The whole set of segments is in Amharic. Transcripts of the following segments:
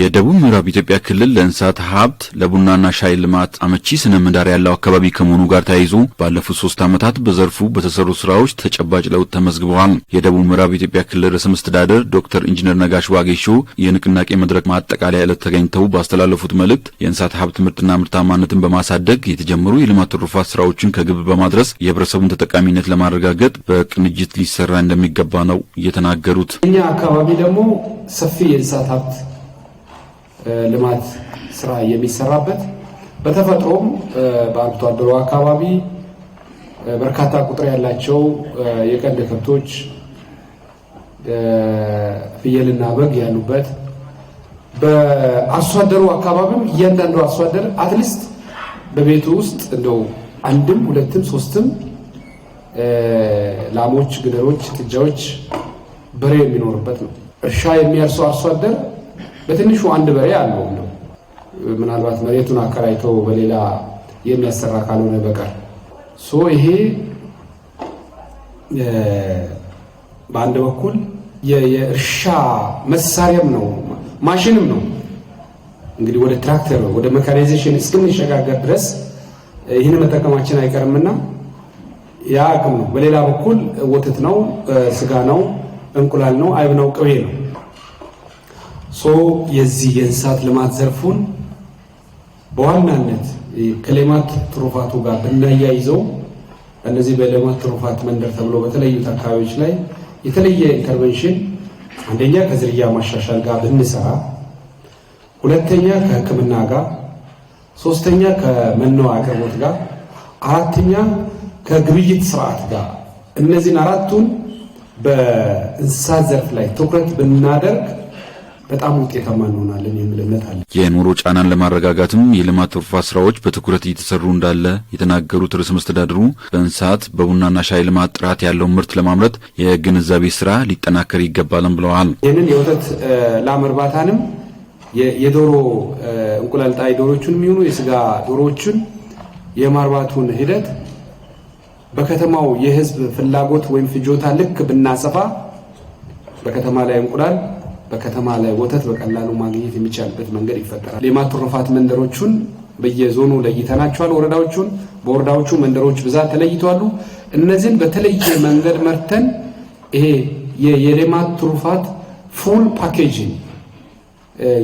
የደቡብ ምዕራብ ኢትዮጵያ ክልል ለእንስሳት ሀብት ለቡናና ሻይ ልማት አመቺ ስነ ምህዳር ያለው አካባቢ ከመሆኑ ጋር ተያይዞ ባለፉት ሶስት ዓመታት በዘርፉ በተሰሩ ስራዎች ተጨባጭ ለውጥ ተመዝግበዋል። የደቡብ ምዕራብ ኢትዮጵያ ክልል ርዕሰ መስተዳደር ዶክተር ኢንጂነር ነጋሽ ዋጌሾ የንቅናቄ መድረክ ማጠቃለያ ዕለት ተገኝተው ባስተላለፉት መልእክት የእንስሳት ሀብት ምርትና ምርታማነትን በማሳደግ የተጀመሩ የልማት ትሩፋት ስራዎችን ከግብ በማድረስ የህብረተሰቡን ተጠቃሚነት ለማረጋገጥ በቅንጅት ሊሰራ እንደሚገባ ነው የተናገሩት። እኛ አካባቢ ደግሞ ሰፊ የእንስሳት ሀብት ልማት ስራ የሚሰራበት በተፈጥሮም በአርብቶ አደሩ አካባቢ በርካታ ቁጥር ያላቸው የቀንድ ከብቶች ፍየልና በግ ያሉበት በአርሶ አደሩ አካባቢም እያንዳንዱ አርሶ አደር አትሊስት በቤቱ ውስጥ እንደው አንድም ሁለትም ሶስትም ላሞች፣ ግደሮች፣ ጥጃዎች፣ በሬ የሚኖርበት ነው። እርሻ የሚያርሰው አርሶ አደር በትንሹ አንድ በሬ አለው ነው ምናልባት መሬቱን አከራይተው በሌላ የሚያሰራ ካልሆነ በቀር ሶ ይሄ በአንድ በኩል የእርሻ መሳሪያም ነው ማሽንም ነው። እንግዲህ ወደ ትራክተር ወደ መካናይዜሽን እስክንሸጋገር ድረስ ይህን መጠቀማችን አይቀርምና ያ አቅም ነው። በሌላ በኩል ወተት ነው፣ ስጋ ነው፣ እንቁላል ነው፣ አይብ ነው፣ ቅቤ ነው። ሶ የዚህ የእንስሳት ልማት ዘርፉን በዋናነት ከሌማት ትሩፋቱ ጋር ብናያይዘው በእነዚህ በሌማት ትሩፋት መንደር ተብሎ በተለያዩት አካባቢዎች ላይ የተለየ ኢንተርቬንሽን አንደኛ ከዝርያ ማሻሻል ጋር ብንሰራ፣ ሁለተኛ ከሕክምና ጋር፣ ሶስተኛ ከመኖ አቅርቦት ጋር፣ አራተኛ ከግብይት ስርዓት ጋር እነዚህን አራቱን በእንስሳት ዘርፍ ላይ ትኩረት ብናደርግ በጣም ውጤታማ እንሆናለን የሚል እምነት አለ። የኑሮ ጫናን ለማረጋጋትም የልማት ትሩፋት ስራዎች በትኩረት እየተሰሩ እንዳለ የተናገሩት ርዕሰ መስተዳድሩ በእንስሳት በቡናና ሻይ ልማት ጥራት ያለውን ምርት ለማምረት የግንዛቤ ስራ ሊጠናከር ይገባልም ብለዋል። ይህንን የወተት ላም እርባታንም የዶሮ እንቁላል ጣይ ዶሮዎቹን የሚሆኑ የስጋ ዶሮዎቹን የማርባቱን ሂደት በከተማው የህዝብ ፍላጎት ወይም ፍጆታ ልክ ብናሰፋ በከተማ ላይ እንቁላል በከተማ ላይ ወተት በቀላሉ ማግኘት የሚቻልበት መንገድ ይፈጠራል። ሌማት ትሩፋት መንደሮቹን በየዞኑ ለይተናቸዋል። ወረዳዎቹን በወረዳዎቹ መንደሮች ብዛት ተለይተዋሉ። እነዚህን በተለየ መንገድ መርተን ይሄ የሌማት ትሩፋት ፉል ፓኬጅን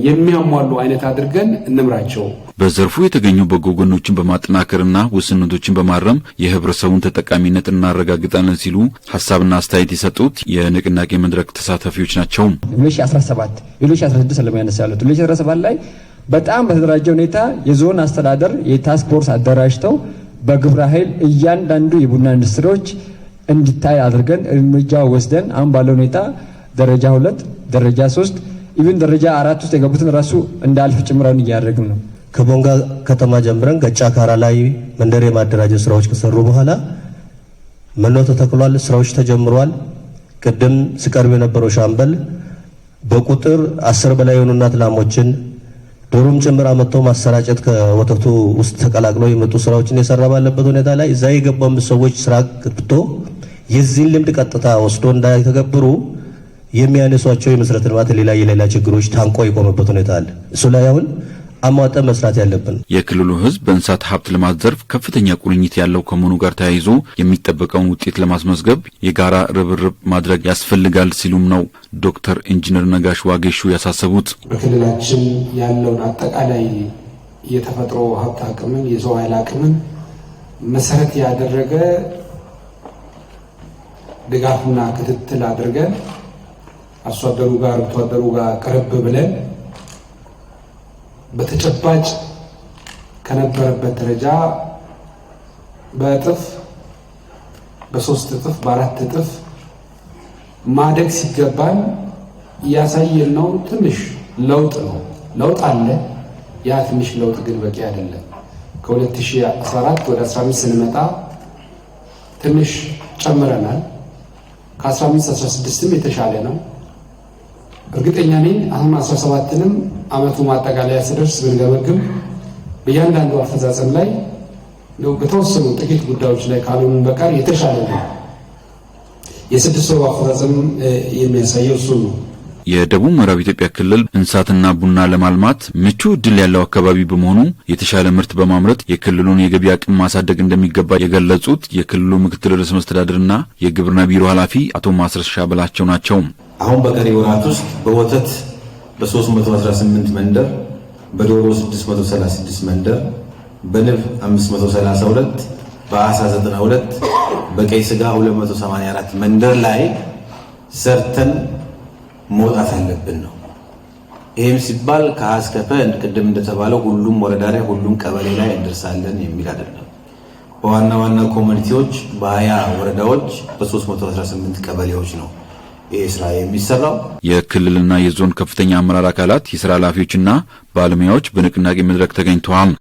የሚያሟሉ አይነት አድርገን እንምራቸው። በዘርፉ የተገኙ በጎ ጎኖችን በማጠናከርና ውስንቶችን በማረም የህብረተሰቡን ተጠቃሚነት እናረጋግጣለን ሲሉ ሀሳብና አስተያየት የሰጡት የንቅናቄ መድረክ ተሳታፊዎች ናቸው። 2017 2016 ለሚያነሳ ያሉት 2017 ላይ በጣም በተደራጀ ሁኔታ የዞን አስተዳደር የታስክ ፎርስ አደራጅተው በግብረ ኃይል እያንዳንዱ የቡና ኢንዱስትሪዎች እንዲታይ አድርገን እርምጃ ወስደን አሁን ባለ ሁኔታ ደረጃ ሁለት ደረጃ ሶስት ኢቭን ደረጃ አራት ውስጥ የገቡትን ራሱ እንዳልፍ ጭምራውን እያደረግም ነው። ከቦንጋ ከተማ ጀምረን ገጫ ካራ ላይ መንደር የማደራጀት ስራዎች ከሰሩ በኋላ መኖ ተተክሏል፣ ስራዎች ተጀምሯል። ቅድም ስቀርብ የነበረው ሻምበል በቁጥር አስር በላይ የሆኑ እናት ላሞችን ዶሮም ጭምር አመጥተው ማሰራጨት ከወተቱ ውስጥ ተቀላቅለው የመጡ ስራዎችን የሰራ ባለበት ሁኔታ ላይ እዛ የገቡ አምስት ሰዎች ስራ ገብቶ የዚህን ልምድ ቀጥታ ወስዶ እንዳይተገብሩ የሚያነሷቸው የመሰረተ ልማት ሌላ የሌላ ችግሮች ታንቆ የቆመበት ሁኔታ አለ። እሱ ላይ አሁን አሟጠ መስራት ያለብን። የክልሉ ህዝብ በእንስሳት ሀብት ልማት ዘርፍ ከፍተኛ ቁርኝት ያለው ከመሆኑ ጋር ተያይዞ የሚጠበቀውን ውጤት ለማስመዝገብ የጋራ ርብርብ ማድረግ ያስፈልጋል ሲሉም ነው ዶክተር ኢንጂነር ነጋሽ ዋጌሹ ያሳሰቡት። በክልላችን ያለውን አጠቃላይ የተፈጥሮ ሀብት አቅምን የሰው ኃይል አቅምን መሰረት ያደረገ ድጋፍና ክትትል አድርገን አርሶ አደሩ ጋር አርብቶ አደሩ ጋር ቅርብ ብለን በተጨባጭ ከነበረበት ደረጃ በእጥፍ በሶስት እጥፍ በአራት እጥፍ ማደግ ሲገባን እያሳየን ነው። ትንሽ ለውጥ ነው፣ ለውጥ አለ። ያ ትንሽ ለውጥ ግን በቂ አይደለም። ከ2014 ወደ 15 ስንመጣ ትንሽ ጨምረናል። ከ15 16ም የተሻለ ነው። እርግጠኛ ነኝ አሁን አስራ ሰባትንም አመቱ ማጠቃለያ ስደርስ ብንገመግም በእያንዳንዱ አፈጻጸም ላይ በተወሰኑ ጥቂት ጉዳዮች ላይ ካልሆኑም በቀር የተሻለ ነው። የስድስት ወሩ አፈጻጸም የሚያሳየው እሱ ነው። የደቡብ ምዕራብ ኢትዮጵያ ክልል እንስሳትና ቡና ለማልማት ምቹ እድል ያለው አካባቢ በመሆኑ የተሻለ ምርት በማምረት የክልሉን የገቢ አቅም ማሳደግ እንደሚገባ የገለጹት የክልሉ ምክትል ርዕሰ መስተዳድርና የግብርና ቢሮ ኃላፊ አቶ ማስረሻ በላቸው ናቸው። አሁን በቀሪ ወራት ውስጥ በወተት በ318 መንደር፣ በዶሮ 636 መንደር፣ በንብ 532፣ በአሳ 92፣ በቀይ ስጋ 284 መንደር ላይ ሰርተን መውጣት አለብን ነው። ይህም ሲባል ከአስከፈ ቅድም እንደተባለው ሁሉም ወረዳ ላይ ሁሉም ቀበሌ ላይ እንደርሳለን የሚል አይደለም። በዋና ዋና ኮሚኒቲዎች በ20 ወረዳዎች በ318 ቀበሌዎች ነው ይህ ስራ የሚሰራው የክልልና የዞን ከፍተኛ አመራር አካላት የስራ ኃላፊዎችና ባለሙያዎች በንቅናቄ መድረክ ተገኝተዋል።